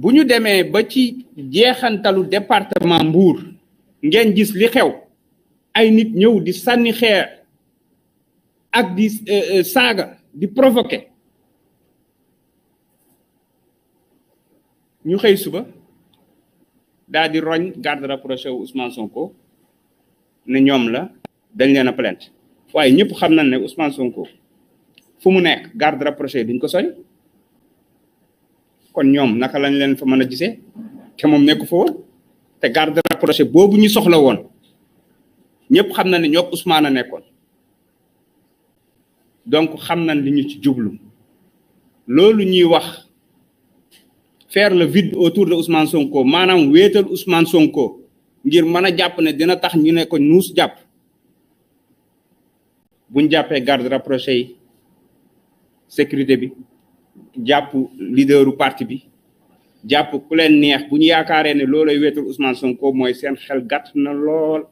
bu ñu demee ba ci jeexantalu département Mbour ngeen gis li xew ay nit ñëw di sànni xeer ak di euh, euh, saaga di provoquer ñu xëy suba daal di roñ garde rapproché wu Ousmane Sonko ne ñoom la dañ leen a plainte waaye ñëpp xam nañ ne Ousmane Sonko fu mu nekk garde rapproché yi ko sori kon ñoom naka lañ leen fa mën a gisee te moom nekk fa woon te garde rapproché boobu ñu soxla woon ñëpp xam na ne ñoo Ousmane a nekkoon donc xam na li ñu ci jublu loolu ñuy wax faire le vide autour de Ousmane Sonko maanaam wéetal Ousmane Sonko ngir mën a jàpp ne dina tax ñu ne ko nuus jàpp buñ jàppee garde rapproché yi sécurité bi jàpp lideru parti bi jàpp ku leen neex bu ñu yaakaaree ne loolay weetul Ousmane Sonko mooy seen xel gàtt na lool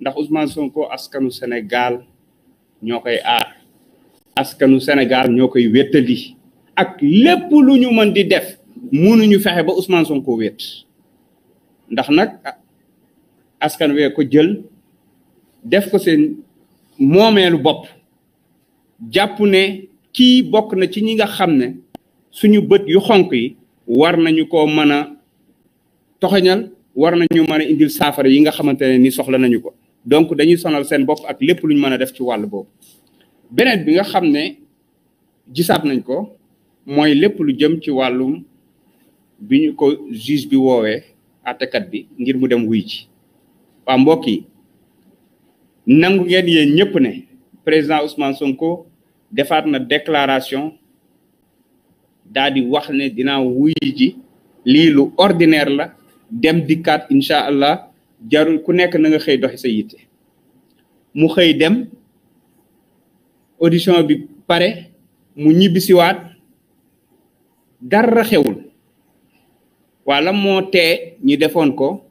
ndax Ousmane Sonko askanu Sénégal ñoo koy aar askanu senegal ñoo koy wéttali ak lépp lu ñu mën di def mënuñu fexe ba Ousmane Sonko wéet ndax nag askan wee ko jël def ko seen moomeelu bopp jàpp ne kii bokk na ci ñi nga xam ne suñu bët yu xonq yi war nañu ko mën a toxañal war nañu mën a indil saafara yi nga xamante ne ni soxla nañu ko donc dañuy sonal seen bopp ak lépp lu ñu mën a def ci wàll boobu beneen bi nga xam ne gisaat nañ ko mooy lépp lu jëm ci wàllum bi ñu ko juge bi woowee àttekat bi ngir mu dem wuy ci waa mbokk yi nangu ngeen yéen ñëpp ne président Ousmane Sonko defaat na déclaration daal di wax ne dinaa wuy ji lii lu ordinaire la dem dikkaat incha allah jarul ku nekk na nga xëy doxi sa yitte mu xëy dem audition bi pare mu ñibbisiwaat dara xewul wala moo tee ñi defoon ko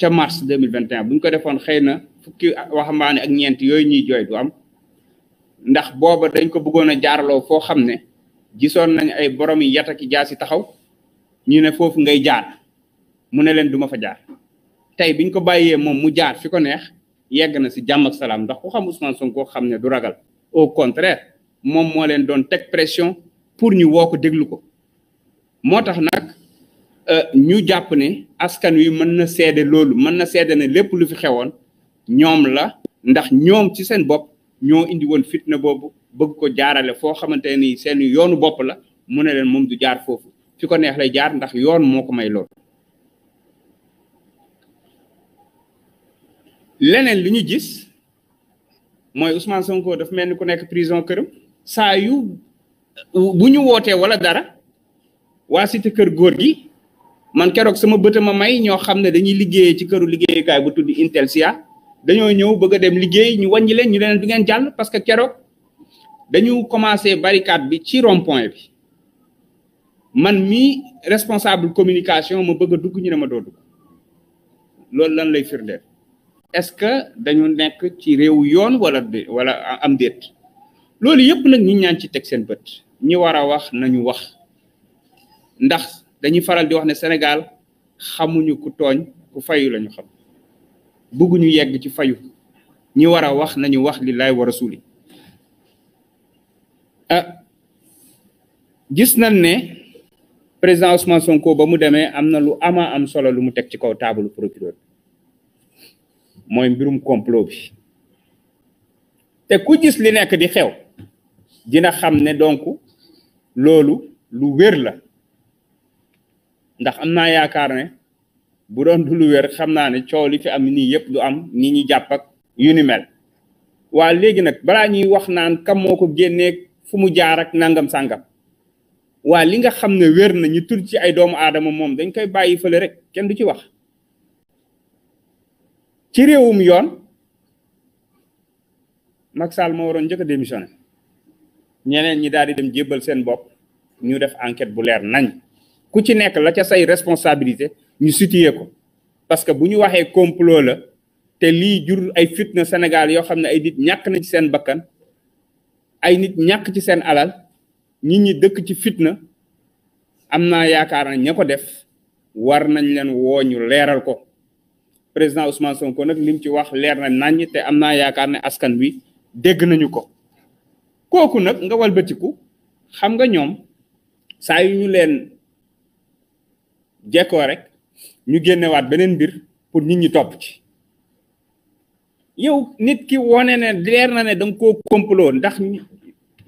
ca mars deux mille vingt et bu ñu ko defoon xëy na fukki waxambaane ak ñeent yooyu ñuy jooy du am ndax booba dañ ko bëggoon a jaarloo foo xam ne gisoon nañ ay borom yi jaar jaasi taxaw ñu ne foofu ngay jaar mu ne leen duma fa jaar tey biñ ko bàyyee moom mu jaar fi ko neex yegg na si jàmm ak salaam ndax ku xam Ousmane Sonko koo xam ne du ragal au contraire moom moo leen doon teg pression pour ñu woo ko déglu ko moo tax nag euh, ñu jàpp ne askan wi mën na seede loolu mën na seede ne lépp lu fi xewoon ñoom la ndax ñoom ci seen bopp ñoo indi woon fitna boobu bëgg ko jaarale foo xamante ni seen yoonu bopp la mu ne leen moom du jaar foofu fi ko neex lay jaar ndax yoon moo ko may loolu leneen li ñu gis mooy Ousmane Sonko dafa mel ni ku nekk prison këram saa yu bu ñu wootee wala dara waa cité kër góor gi man keroog sama bëta ma may ñoo xam ne dañuy liggéeyee ci këru liggéeyukaay bu tudd Intelsia dañoo ñëw bëgg a dem liggéey ñu wàññi leen ñu leen du ngeen jàll parce que keroog dañu commencé barikaat bi ci rond bi man mi responsable communication ma bëgg a dugg ñu ne ma doo dugg loolu lan lay firndeel est-ce que dañu nekk ci réew yoon wala wala am déet loolu yëpp nag ñu ñaan ci teg seen bët ñi war a wax nañu wax ndax dañuy faral di wax ne Sénégal xamuñu ku tooñ ku fayu lañu xam bëgguñu yegg ci fayu ñi war a wax nañu wax lillaay wa rasuli ah gis nañ ne président Ousmane ba mu demee am na lu amaa am solo lu mu teg ci kaw taabalu procureur mooy mbirum complot bi te ku gis li nekk di xew dina xam ne donc loolu lu wér la ndax am naa yaakaar ne bu doon du lu wér xam naa ne coow li fi am nii yëpp du am ni ñi jàppak ak yu ni mel waa léegi nag balaa ñuy wax naan kam moo ko génnee fu mu jaar ak nangam sàngam waa li nga xam ne wér na ñu tur ci ay doomu aadama moom dañ koy bàyyi fële rek kenn du ci wax ci réewum yoon Macky Sall moo waroon njëkk a démissionné ñeneen ñi daal di dem jébbal seen bopp ñu def enquête bu leer nañ ku ci nekk la ca say responsabilité ñu situé ko parce que bu ñu waxee complot la te lii jur ay fitna Sénégal yoo xam ne ay nit ñàkk na ci seen bakkan ay nit ñàkk ci seen alal nit ñi dëkk ci fitna am naa yaakaar na ña ko def war nañ leen woo ñu leeral ko président Ousmane Sonko nag lim ci wax leer na nàññ te am naa yaakaar ne askan wi dégg nañu ko kooku nag nga walbatiku xam nga ñoom saa yu ñu leen jekkoo rek ñu génnewaat beneen mbir pour nit ñi topp ci yow nit ki wone ne leer na ne danga nga koo complot ndax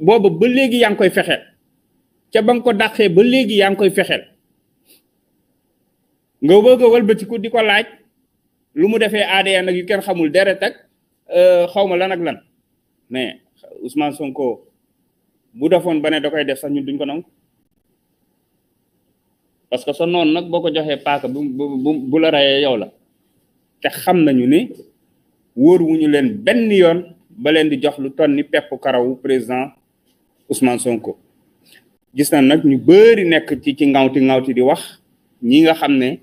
booba ba léegi yaa ngi koy fexeel ca ba nga ko dàqee ba léegi yaa ngi koy fexeel nga bëgg a wëlbatiku di ko laaj lu mu defee ADN nag yu kenn xamul deret ak euh, xaw ma lan ak lan mais Ousmane Sonko bu defoon ba ne da koy def sax ñu duñ ko nangu. parce que sa noonu nag boo ko joxee paaka bu bu bu la rayee yow la te xam nañu ni wóor wuñu leen benn yoon ba leen di jox lu ton ni pepp karawu président Ousmane Sonko gis na nag ñu bëri nekk ci ci ngawti ngawti di wax ñi nga xam ne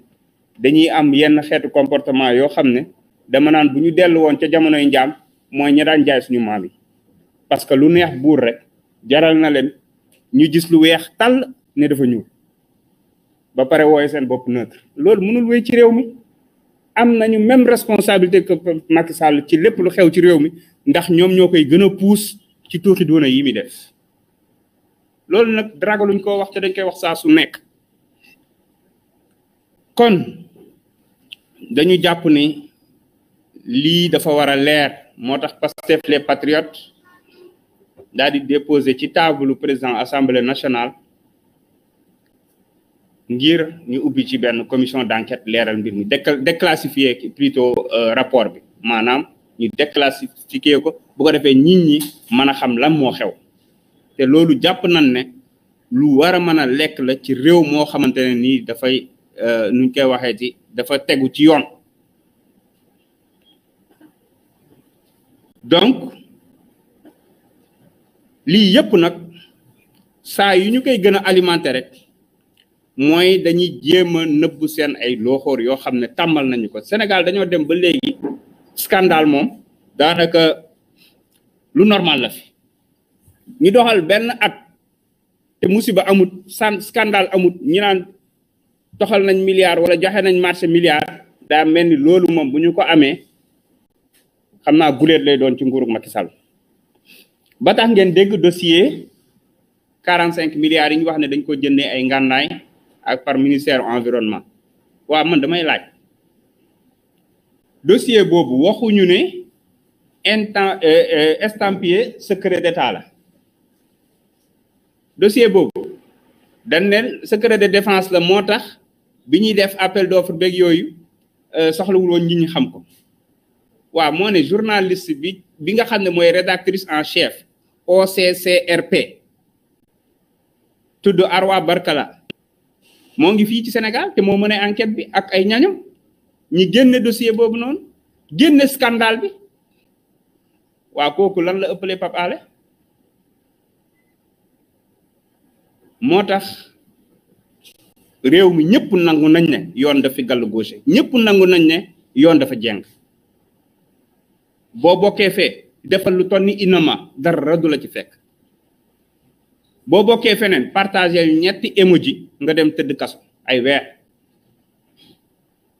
dañuy am yenn xeetu comportement yoo xam ne dama naan bu ñu dellu woon ca jamonoy njaam mooy ñi daan jaay suñu maam yi parce que lu neex buur rek jaral na leen ñu gis lu weex tàll ne dafa ñuul ba pare wooye seen bopp neutre loolu mënul wéy ci réew mi am nañu même responsabilité que Macky Sall ci lépp lu xew ci réew mi ndax ñoom ñoo koy gën a puus ci tuuti doona yi muy def loolu nag dragaluñ koo wax te dañ koy wax saa su nekk kon dañu jàpp ni lii dafa war a leer moo tax Pastef les patriotes daal di déposé ci taabulu président assemblée nationale ngir ñu ubbi ci benn commission d'enquête leeral mbir mi déclassifier pluto euh, rapport bi maanaam ñu déclassifier ko bu ko defee nit ñi mën a xam lan moo xew te loolu jàpp nañ ne lu war a mën a lekk la ci réew moo xamante ne nii dafay euh, nuñ koy waxee ci dafa tegu ci yoon donc lii yëpp nag saa yu ñu koy gën a alimenter mooy dañuy jéem a nëbb seen ay looxoor yoo xam ne tàmmal nañu ko Sénégal dañoo dem ba léegi scandale moom daanaka lu normal la fi ñu doxal benn at te musiba amut san scandale amut ñi naan doxal nañ milliard wala joxe nañ marché milliard daa mel ni loolu moom bu ñu ko amee xam naa guléet lay doon ci nguurug Macky Sall ba tax ngeen dégg dossier quarante cinq milliards yi ñu wax ne dañ ko jëndee ay ngànnaay ak par ministère environnement waa man damay laaj dossier boobu waxuñu ne inten euh, euh, estampillé secret d'état la dossier boobu dañ secret de défence la moo tax bi ñuy def appel d'offre beeg yooyu euh, soxlawul woon ñi ñu xam ko waaw moo ne journaliste bi bi nga xam ne mooy rédactrice en chef OCCRP tudd Arwa Barkala moo ngi fii ci Sénégal te moo mën a enquête bi ak ay ñañam ñi génne dossier boobu noonu génne scandale bi waaw kooku lan la ëppalee Pape Alé moo tax réew mi ñëpp nangu nañ ne yoon dafi gàllu gauche ñëpp nangu nañ ne yoon dafa jeng boo bokkee fee defal lu tonni inama dara du la ci fekk boo bokkee feneen partagé ñetti émoji nga dem tëdd kaso ay weer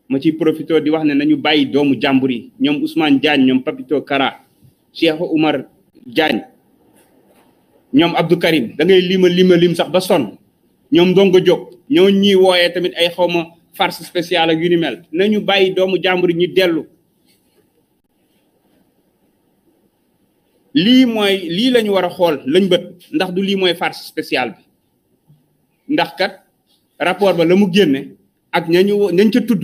ma ci profité di wax na nañu bàyyi doomu jàmbur yi ñoom Ousmane Diagne ñoom Papito Kara Cheikh Oumar Diagne ñoom Abdou Karim da ngay lima lima lim sax ba sonn ñoom Ndongo Diop ñoo ñuy wooyee tamit ay xawma farce spéciale ak yu ni mel nañu bàyyi doomu jàmbur yi ñu dellu lii mooy lii lañu war a xool lañ bët ndax du lii mooy farce spéciale bi ndax kat rapport ba la mu génne ak ñañu ñañ ca tudd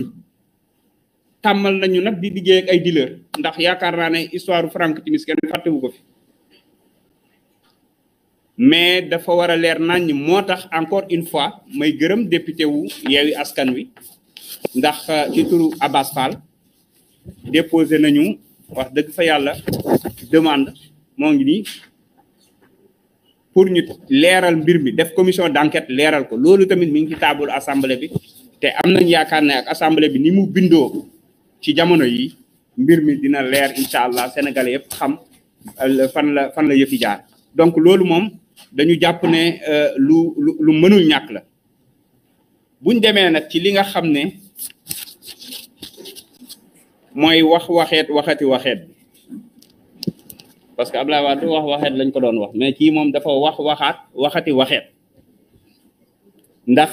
tàmmal nañu nag di liggéey ak ay dealer ndax yaakaar naa ne histoire Frank Timis kenn fàttewu ko fi mais dafa war a leer nañ moo tax encore une fois may gërëm député wu Yewwi Askan Wi ndax euh, ci turu Abass Fall déposé nañu wax dëgg fa yàlla demande moo ngi nii pour ñu leeral mbir mi def commission d'enquête leeral ko loolu tamit mi ngi taabul table assemblée bi te am nañ yaakaar ne ak assemblée bi ni mu bindoo ci jamono yi mbir mi dina leer incha allah sénégal yëpp xam euh, fan la fan la yëfi jaar donc loolu moom dañu jàpp ne euh, lu lu lu mënul ñàkk la buñ demee nag ci li nga xam ne mooy wax waxeet waxati waxeet parce que Abdoulaye Wade wax waxeet lañ ko doon wax mais kii moom dafa wax waxaat waxati waxeet ndax